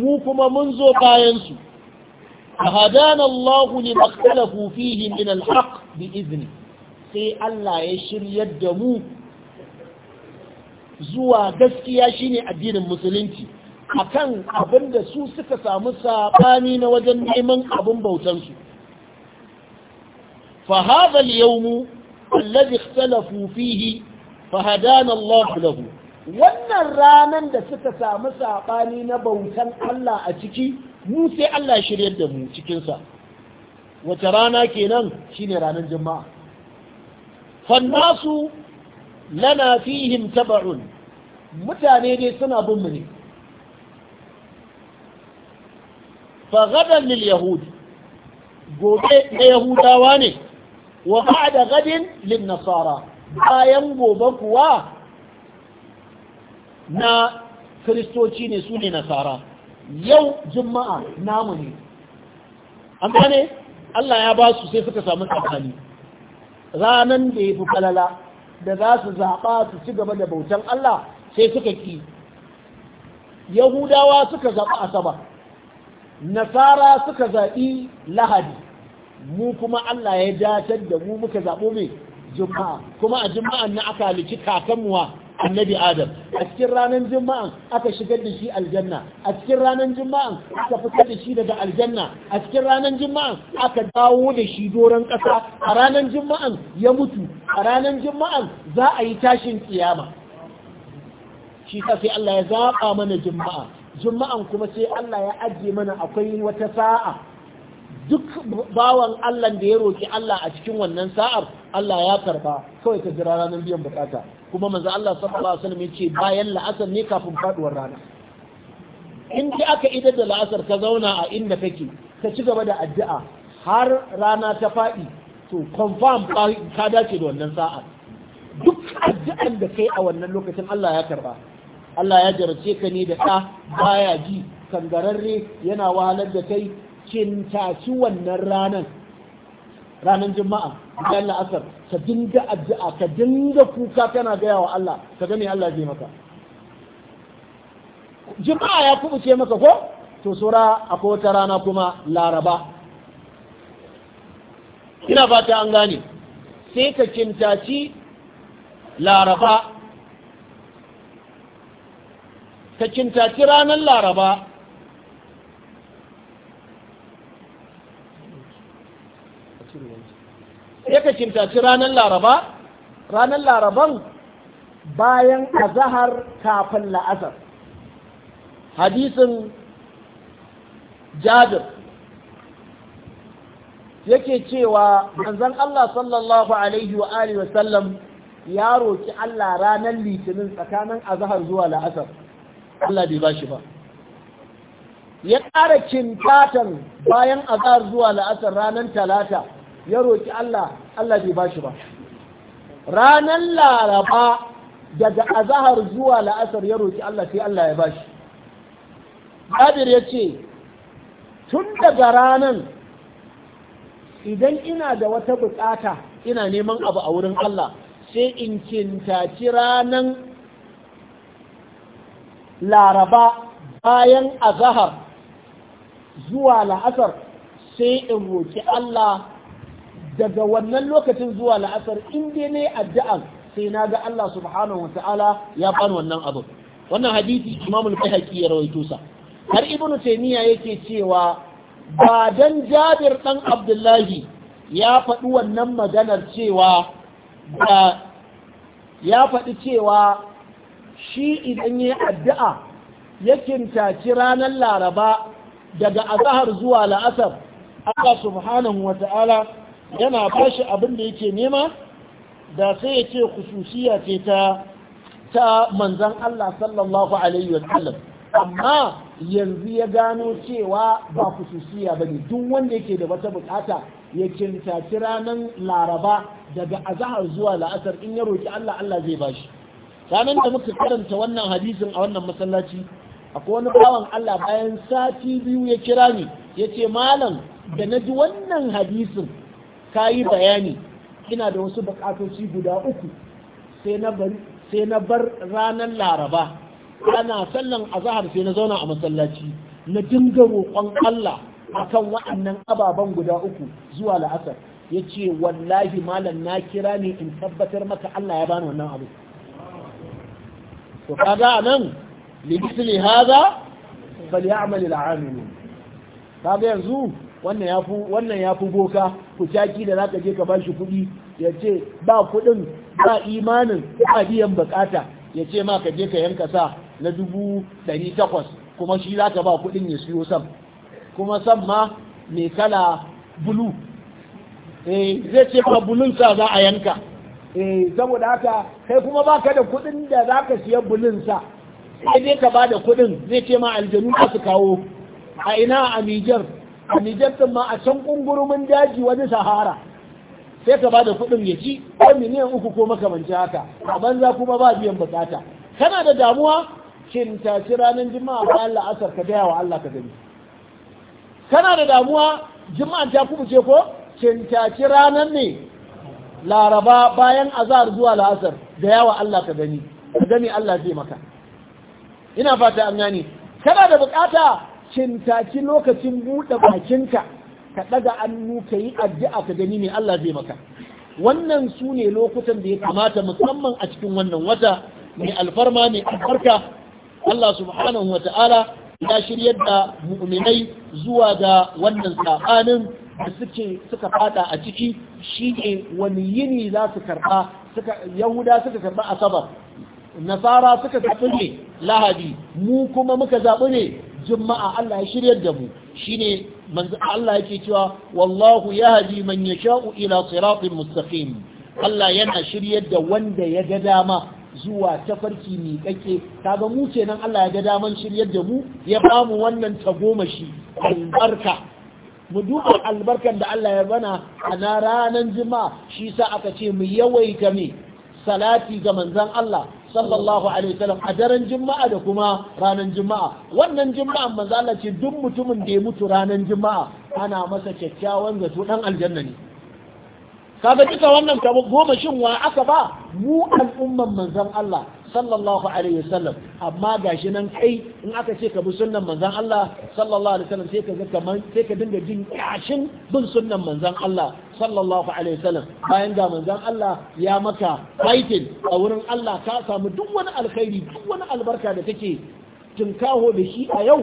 mu kuma mun zo bayansu فهدانا الله لما اختلفوا فيه من الحق بإذنه sai Allah ya shiryar da mu zuwa gaskiya shine addinin musulunci akan abin da su suka samu sabani na wajen neman abin bautansu fa hadha al-yawm alladhi ikhtalafu fihi fa hadana Allah lahu wannan ranan da suka samu sabani na bautan Allah a ciki mu sai Allah shiryar da mu cikin sa wace rana kenan shine ranan jama'a fa nasu lana fihim taba'un mutane dai suna bin ne fa lil Yahudi. gobe na yahudawa ne wa ba'da gadin lil nasara bayan gobe kuwa na kristoci ne su ne nasara yau juma'a namu ne amma ne Allah ya ba su sai suka samu tsakani ranan da ya fi falala da za su zaɓa su ci gaba da bautan Allah sai suka ƙi yahudawa suka zaɓi asaba nasara suka zaɓi lahadi mu kuma Allah ya datar da mu muka zaɓo mai juma'a kuma a juma'an na aka halici kakanmuwa annabi adam a cikin ranar juma'an aka shigar da shi aljanna a cikin ranar juma'an aka fitar da shi daga aljanna a cikin ranar juma'an aka dawo da shi doron ƙasa a ranar juma'an ya mutu a ranar juma'an za a yi tashin tsiyama. shi ta sai Allah ya zaɓa mana juma'a juma'an kuma sai Allah ya ajiye mana akwai wata sa'a duk bawan Allah da ya roki Allah a cikin wannan sa'ar Allah ya karba kawai ka jira ranar biyan bukata kuma manzo Allah sallallahu alaihi wasallam yace bayan la'asar ne kafin faduwar rana in aka idar da la'asar ka zauna a inda kake ka ci gaba da addu'a har rana ta faɗi to confirm ka dace da wannan sa'ar duk addu'an da kai a wannan lokacin Allah ya karba Allah ya jarace ka ne da ɗa baya ji kangararre yana wahalar da kai kintaci wannan ranar ranar juma'a bayan la'asar ka dinga addu'a ka dinga kuka kana gaya wa Allah ka gani Allah zai maka juma'a ya ce maka ko to sura akwai wata rana kuma laraba ina fata an gane sai ka kintaci laraba ka kintaci ranar laraba ka kintaci ranar laraba ranar laraban bayan azahar kafin la'asar hadisin jabir yake cewa manzon Allah sallallahu alaihi wa alihi wa sallam ya roki Allah ranar litinin tsakanin azahar zuwa la'asar Allah bai bashi ba ya ƙara kintatan bayan azahar zuwa la'asar ranar talata ya roƙi Allah Allah bai bashi ba ranar laraba daga azahar zuwa la'asar ya roƙi Allah sai Allah ya bashi Jabir ya ce tun daga ranar idan ina da wata bukata ina neman abu a wurin Allah sai in kintaci ranar laraba bayan azahar zuwa la'asar sai in roƙi Allah daga wannan lokacin zuwa la'asar in dai ne addu'a sai na ga Allah subhanahu wa ta'ala ya bani wannan abu wannan hadisi Imam al-Baihaqi ya rawaito sa har Ibn Taymiyyah yake cewa ba dan Jabir dan Abdullahi ya faɗi wannan maganar cewa ya faɗi cewa shi idan ya addu'a ya kintaci ranar laraba daga azahar zuwa la'asar Allah subhanahu wa ta'ala yana ba shi abin da yake nema da sai ya ce khususiya ce ta ta manzan Allah sallallahu alaihi wa sallam amma yanzu ya gano cewa ba khususiya ba ne duk wanda yake da wata bukata ya kintaci ranar laraba daga azahar zuwa la'asar in ya roki Allah Allah zai ba shi ranar da muka karanta wannan hadisin a wannan masallaci akwai wani bawan Allah bayan sati biyu ya kira ni ya ce malam da na ji wannan hadisin ka yi bayani ina da wasu bukatoci guda uku sai na bar ranar laraba ana sallan azahar sai na zauna a masallaci na dinga roƙon Allah akan waɗannan ababen guda uku zuwa la'asar ya ce wallahi malam na kira ne in tabbatar maka Allah ya bani wannan abu to kaga nan limithli hadha falyamal al'amilun kaga yanzu wannan ya fi wannan boka ku caki da zaka je ka bashi kuɗi ya ce ba kuɗin ba imanin ba biyan bukata ya ce ma ka je ka yanka sa na dubu dari takwas kuma shi zaka ba kuɗin ya siyo sam kuma sam ma mai kala bulu eh zai ce ma bulun sa za a yanka eh saboda haka kai kuma baka da kuɗin da zaka siya bulun sa sai dai ka ba da kuɗin zai ce ma aljanu ka su kawo a ina a Nijar a Nijar ɗin ma a can ƙungurumin daji wani sahara sai ka bada kuɗin ya ci ko miliyan uku ko makamanci haka a banza kuma ba biyan bukata kana da damuwa shin tashi ranar jima'a ba Allah asar ka gaya wa Allah ka gani kana da damuwa jima'a ta ce ko shin tashi ranar ne laraba bayan azar zuwa la'asar da yawa Allah ka gani ka gani Allah zai maka ina fata an gani kana da bukata kintaki lokacin buɗe bakinka ka ɗaga annu ka yi addu'a ka gani ne Allah zai maka wannan su ne lokutan da ya kamata musamman a cikin wannan wata mai alfarma mai albarka Allah subhanahu wa ta'ala ya shirya da mu'minai zuwa ga wannan saɓanin. da suke suka fada a ciki shine wani yini za su karba yahuda suka karba asabar nasara suka zaɓi ne lahadi mu kuma muka zaɓi ne juma'a Allah ya shiryar da mu shine manzo Allah yake cewa wallahu yahdi man yasha'u ila siratin mustaqim Allah yana shiryar da wanda ya ga dama zuwa tafarki mi kake kaga mu nan Allah ya ga daman shiryar da mu ya bamu wannan tagomashi albarka mu duka albarkan da Allah ya bana a na ranar juma'a shi sa aka ce mu yawaita ne salati ga manzon Allah sallallahu alaihi wasallam a daren juma'a da kuma ranar juma'a wannan juma'a manzo Allah ce duk mutumin da ya mutu ranar juma'a ana masa kyakkyawan zato dan aljanna ne kaga duka wannan goma shin wa aka ba mu al'umman manzon Allah sallallahu alaihi wasallam amma gashi nan kai in aka ce ka bi sunnan manzon Allah sallallahu alaihi wasallam sai ka ga kaman sai ka dinga jin yashin bin sunnan manzon Allah sallallahu alaihi wasallam bayan ga manzon Allah ya maka fighting a wurin Allah ka samu duk wani alkhairi duk wani albarka da take tunkaho da shi a yau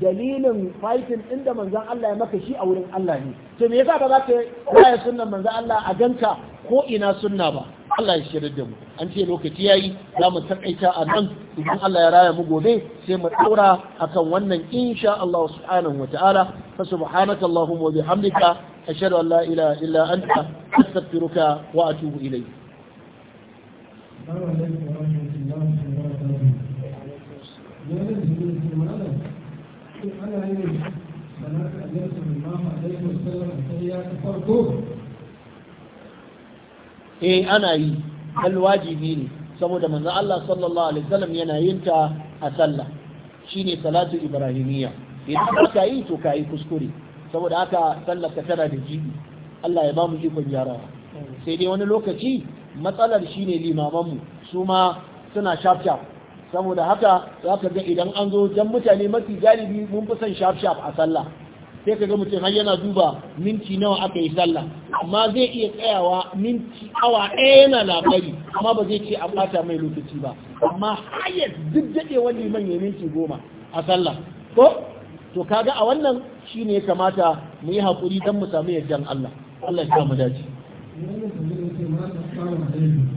dalilin fighting inda da manzon Allah ya maka shi a wurin Allah ne to me yasa ba za ka raya sunnan manzon Allah a ganka ko ina sunna ba Allah ya shirya da mu an ce lokaci yayi za mu takaita a nan idan Allah ya raya mu gobe sai mu daura akan wannan insha Allah subhanahu wataala fa subhanaka allahumma wa bihamdika ashhadu an la ilaha illa anta astaghfiruka wa atubu ilayk Thank you. ce ana eh ana yi al wajibi ne saboda manza Allah sallallahu alaihi wasallam yana yin ta a sallah shine salatu ibrahimiyya idan ka yi to ka yi kuskure saboda haka sallar ka tana da jibi Allah ya ba mu ikon gyarawa sai dai wani lokaci matsalar shine limamanmu su ma suna shaf shaf saboda haka za ka ga idan an zo jan mutane mafi galibi mun fi son shaf shaf a sallah sai ka ga mutum har yana duba minti nawa aka yi sallah amma zai iya tsayawa minti awa ɗaya yana labari amma ba zai ce a ɓata mai lokaci ba amma hayar duk daɗe wani manya minti goma a sallah ko to kaga a wannan shi ne kamata mu yi haƙuri don mu samu yardan Allah Allah ya samu dace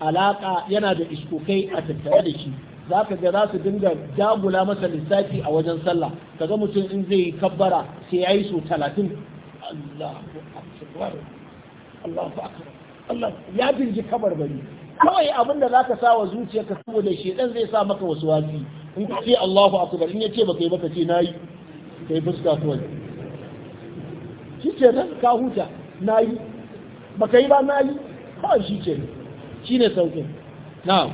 alaƙa yana da iskokai a tattare da shi za ka ga za su dinga dagula masa lissafi a wajen sallah ka ga mutum in zai yi kabbara sai ya yi so talatin ya birgi kabar bari kawai abin da za ka sa wa zuciya zuciyarka saboda shedan zai sa maka wasu wasi in ka ce Allahu akbar in ya ce baka yi baka ce nayi kai fuska kawai shi ce nan ka huta nayi baka yi ba nayi ba shi ce ne shi ne saukin na'am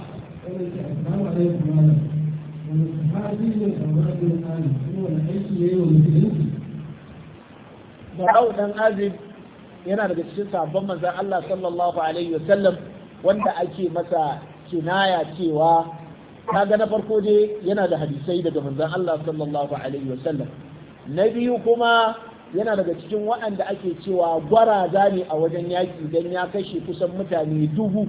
Barau ɗan Azib yana daga cikin sabon manzan Allah sallallahu Alaihi wasallam wanda ake masa kinaya cewa ga na farko dai yana da hadisai daga manzan Allah sallallahu Alaihi wasallam. Na biyu kuma yana daga cikin waɗanda ake cewa gwaraza ne a wajen yaƙi don ya kashe kusan mutane dubu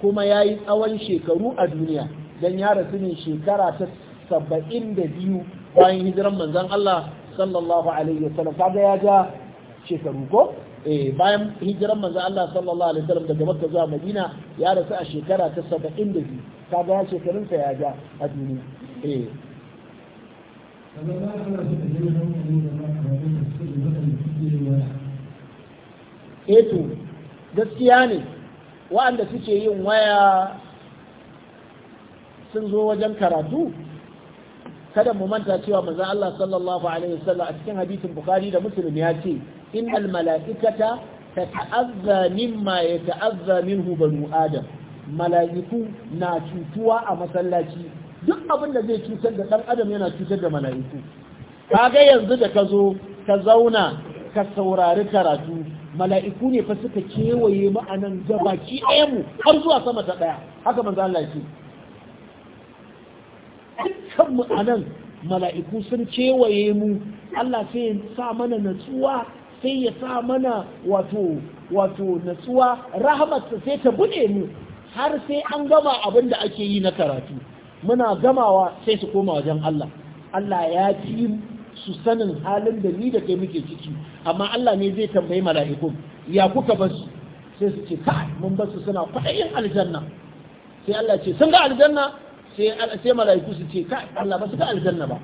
kuma ya yi tsawon shekaru a duniya don ya rasu ne shekara ta saba'in da biyu bayan hijiran manzan Allah sallallahu alaihi wasallam kaga ya ja shekaru ko eh bayan hijiran manzan Allah sallallahu alaihi wasallam daga Makka zuwa Madina ya rasu a shekara ta saba'in da biyu kaga ya shekarunsa ya ja a duniya eh, eh to gaskiya ne wa'anda suke yin waya sun zo wajen karatu kada mu manta cewa maza Allah sallallahu alaihi wasallam a cikin hadisin Bukhari da Muslim ya ce innal mala'ikata tata'azza mimma yata'azza minhu banu adam mala'iku na cutuwa a masallaci duk abin da zai cutar da dan adam yana cutar da mala'iku kaga yanzu da ka zo ka zauna ka saurari karatu mala'iku ne fa suka kewaye mu anan gabaki ɗaya mu har zuwa sama ta ɗaya haka manzo Allah ce dukkan mu mala'iku sun kewaye mu Allah sai ya sa mana natsuwa sai ya sa mana wato wato natsuwa rahmatsa sai ta buɗe mu har sai an gama abin da ake yi na karatu muna gamawa sai su koma wajen Allah Allah ya ci. su sanin halin da ni da kai muke ciki amma Allah ne zai tambayi mala'ikun ya kuka basu sai su ce kai mun basu suna kwaɗayin aljanna sai Allah ce sun ga aljanna sai mala'iku su ce kai Allah ba su ga aljanna ba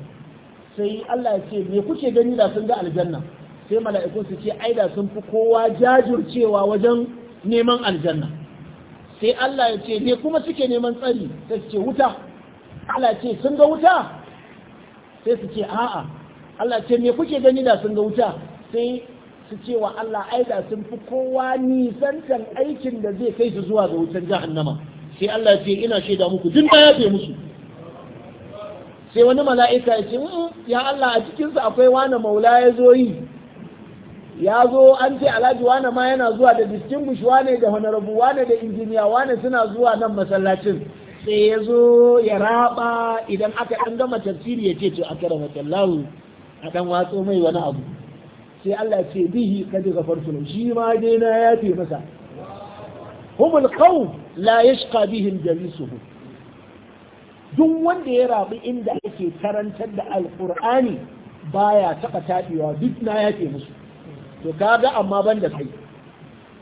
sai Allah ya ce me kuke gani da sun ga aljanna sai mala'iku su ce ai da sun fi kowa jajircewa wajen neman aljanna sai Allah ya ce me kuma suke neman tsari sai su ce wuta Allah ce sun ga wuta sai su ce a'a Allah ce me kuke gani da sun ga wuta sai su ce wa Allah ai da sun fi kowa nisantan aikin da zai kai su zuwa ga wutan jahannama sai Allah ce ina shaida muku duk ba ya musu sai wani mala'ika ya ce ya Allah a cikinsu akwai wani maula ya zo yi ya zo an ce alhaji wane ma yana zuwa da distinguish wani da honorable wane da injiniya wane suna zuwa nan masallacin sai ya zo ya raba idan aka ɗan gama tafsiri ya ce to a a dan mai wani abu sai Allah ce bihi kadi ghafartu lahu shi ma dai na yafe masa humul qawm la yashqa bihim jalisuhu duk wanda ya rabu inda ake karantar da alkur'ani baya taba taɗewa duk na yafe musu to kaga amma banda kai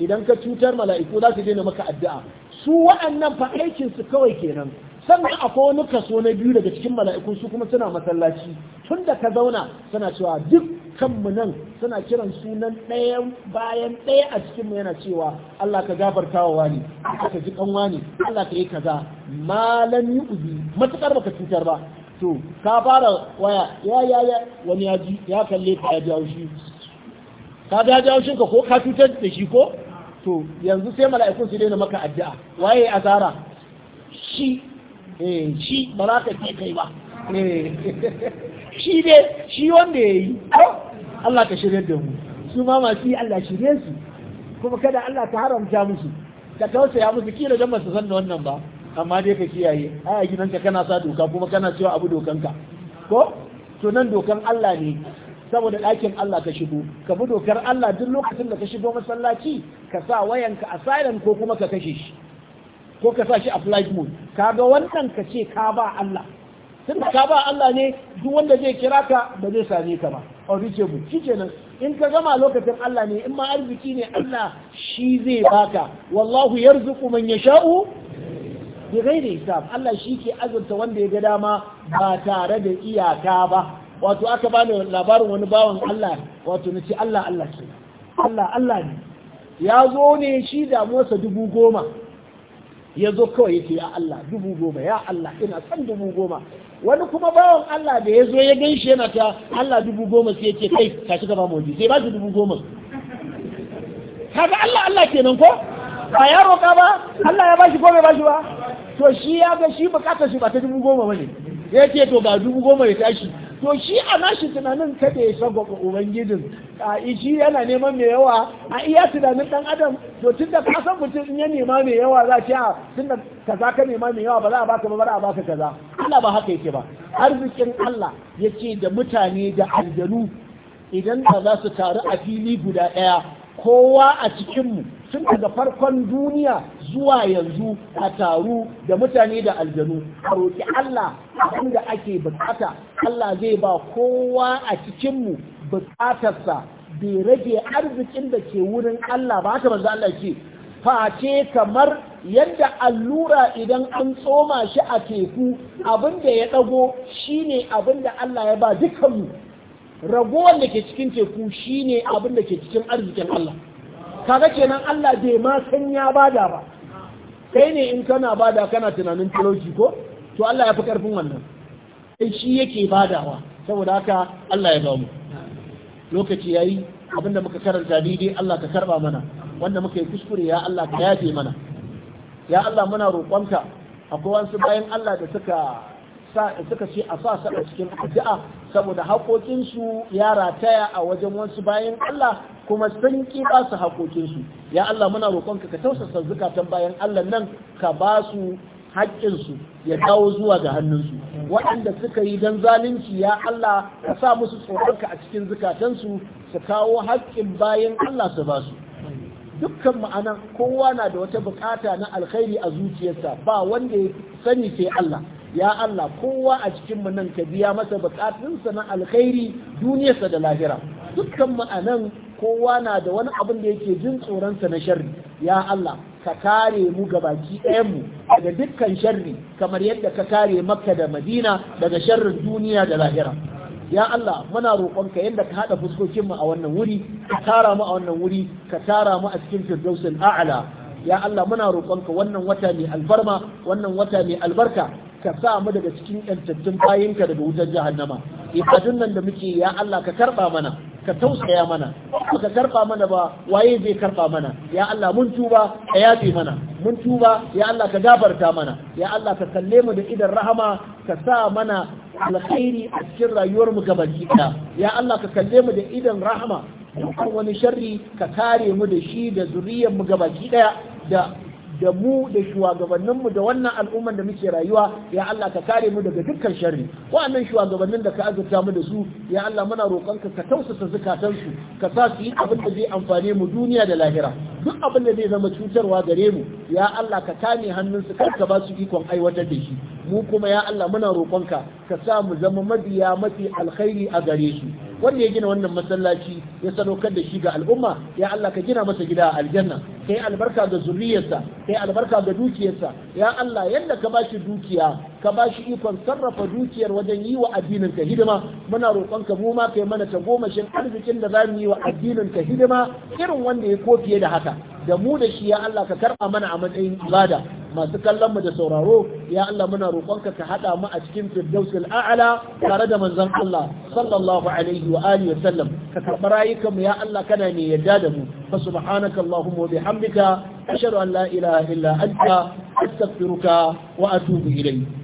idan ka cutar mala'iku za su daina maka addu'a su wa'annan fa aikin su kawai kenan sannan akwai wani kaso na biyu daga cikin mala'ikun su kuma suna masallaci tun da ka zauna suna cewa duk kanmu nan suna kiran sunan ɗayan bayan ɗaya a cikinmu yana cewa Allah ka gafarta wa wani ka ji kan wani Allah ka yi kaza malam yu'zi matukar baka cutar ba to ka fara waya ya ya ya wani ya ji ya kalle ka ya ji haushi ka ga ji haushin ka ko ka cutar da shi ko to yanzu sai mala'ikun su daina maka addu'a waye asara shi Eh, shi ba za ka kai kai ba eh, shi dai shi wanda ya yi Allah ka shirya da mu su ma masu yi Allah shirya su kuma kada Allah ta haramta musu ka tausaya musu kila don masu san da wannan ba amma dai ka kiyaye a gidanka kana sa doka kuma kana cewa abu dokanka ko to nan dokan Allah ne saboda ɗakin Allah ka shigo ka bi dokar Allah duk lokacin da ka shigo masallaci ka sa wayanka a silent ko kuma ka kashe shi ko ka sa shi a flight mode ga wannan ka ce ka ba Allah ka ba Allah ne duk wanda zai kira ka ba zai same ka ba unreachable nan in ka gama lokacin Allah ne in ma arziki ne Allah shi zai baka wallahu yarzuqu man yasha'u bi ghairi hisab Allah shi ke azurta wanda ya ga dama ba tare da iyaka ba wato aka bani labarin wani bawan Allah wato na ce Allah Allah ce Allah Allah ne ya zo ne shi damuwarsa dubu goma ya zo kawai yake ya Allah dubu goma ya Allah ina son dubu goma wani kuma bawan Allah da ya zo ya gan shi yana ta Allah dubu goma sai yake kai ka shiga ba moji sai ba shi dubu goma kaga Allah Allah kenan ko ba ya roƙa ba Allah ya bashi ko bai bashi ba to shi ya ga shi bukatar shi ba ta dubu goma bane yake to ga dubu goma ya tashi to shi a nashi tunanin kada ya ga ubangijin a ishi yana neman mai yawa a iya tunanin dan adam to tun da ka san mutum in ya nema mai yawa za ce a ah, tun da kaza ka nema mai yawa ba za a baka ba ba za a baka kaza Allah ba haka yake ba arzikin Allah yake da mutane da aljanu idan ka za su taru a fili guda ɗaya kowa a cikinmu tun daga farkon duniya zuwa yanzu a taru da mutane da aljanu a roƙi Allah abin da ake bukata Allah zai ba kowa a cikinmu bukatarsa bai rage arzikin da ke wurin Allah ba ta manzo Allah ce face kamar yadda allura idan an tsoma shi a teku abin da ya ɗago shine abin da Allah ya ba dukkanmu ragowar da ke cikin teku shine abin da ke cikin arzikin Allah kaga kenan Allah bai ma san ya bada ba kai ne in kana bada kana tunanin talauci ko to Allah ya fi karfin wannan sai shi yake badawa saboda haka Allah ya ba mu lokaci yayi abinda muka karanta daidai Allah ka karba mana wanda muka yi kuskure ya Allah ka yafe mana ya Allah muna roƙonka akwai wasu bayan Allah da suka suka ce a sa a cikin addu'a saboda haƙoƙinsu ya rataya a wajen wasu bayan Allah kuma sun ƙi ba su haƙoƙinsu ya Allah muna roƙonka ka tausasa zukatan bayan Allah nan ka ba su haƙƙinsu ya dawo zuwa ga hannunsu waɗanda suka yi don zalunci ya Allah ka sa musu tsoronka a cikin zukatansu su kawo haƙƙin bayan Allah su ba su dukkan ma'ana kowa na da wata bukata na alkhairi a zuciyarsa ba wanda ya sani sai Allah ya Allah kowa a cikin nan ka biya masa bukatunsa na alkhairi duniyarsa da lahira dukkan mu anan kowa na da wani abin da yake jin tsoronsa na sharri ya Allah ka kare mu ga baki mu daga dukkan sharri kamar yadda ka kare makka da madina daga sharrin duniya da lahira ya Allah muna roƙonka yadda ka haɗa fuskokinmu a wannan wuri ka tara mu a wannan wuri ka tara mu a cikin firdausin a'ala ya Allah muna roƙonka wannan wata mai alfarma wannan wata mai albarka ka sa mu daga cikin yantattun bayinka daga wutar jahannama ibadun nan da muke ya Allah ka karba mana ka tausaya mana ka karba mana ba waye zai karba mana ya Allah mun tuba ka yafe mana mun tuba ya Allah ka gafarta mana ya Allah ka kalle mu da idan rahama ka sa mana alkhairi a cikin rayuwar mu gabaki ɗaya ya Allah ka kalle mu da idan rahama dukkan wani sharri ka kare mu da shi da zuriyar mu gabaki ɗaya da da mu da shugabanninmu da wannan al'ummar da muke rayuwa ya Allah ka kare mu daga dukkan sharri wa'annan shugabannin da ka azurta mu da su ya Allah muna roƙonka ka tausasa zukatansu ka sa su yi abin da zai amfane mu duniya da lahira duk abin da zai zama cutarwa gare mu ya Allah ka kame hannunsu kar ka ba su ikon aiwatar da shi mu kuma ya Allah muna roƙonka ka sa mu zama mabiya mafi alkhairi a gare shi. wanda ya gina wannan masallaci ya sadaukar da shi ga al'umma ya Allah ka gina masa gida a aljanna kai albarka ga zuriyarsa kai albarka ga dukiyarsa ya Allah yadda ka bashi dukiya ka bashi ikon sarrafa dukiyar wajen yi wa addinin ka hidima muna roƙon ka mu ma kai mana ta tagomashin arzikin da za mu yi wa addinin ka hidima irin wanda ya ko fiye da haka da mu da shi ya Allah ka karɓa mana a matsayin ibada masu kallon mu da sauraro ya Allah muna roƙonka ka haɗa mu a cikin firdausul a'la tare da manzon Allah sallallahu alaihi wa alihi wa sallam ka karɓa rayukan mu ya Allah kana ne yadda da mu fa subhanaka allahumma wa bihamdika ashhadu an la ilaha illa anta astaghfiruka wa atubu ilayk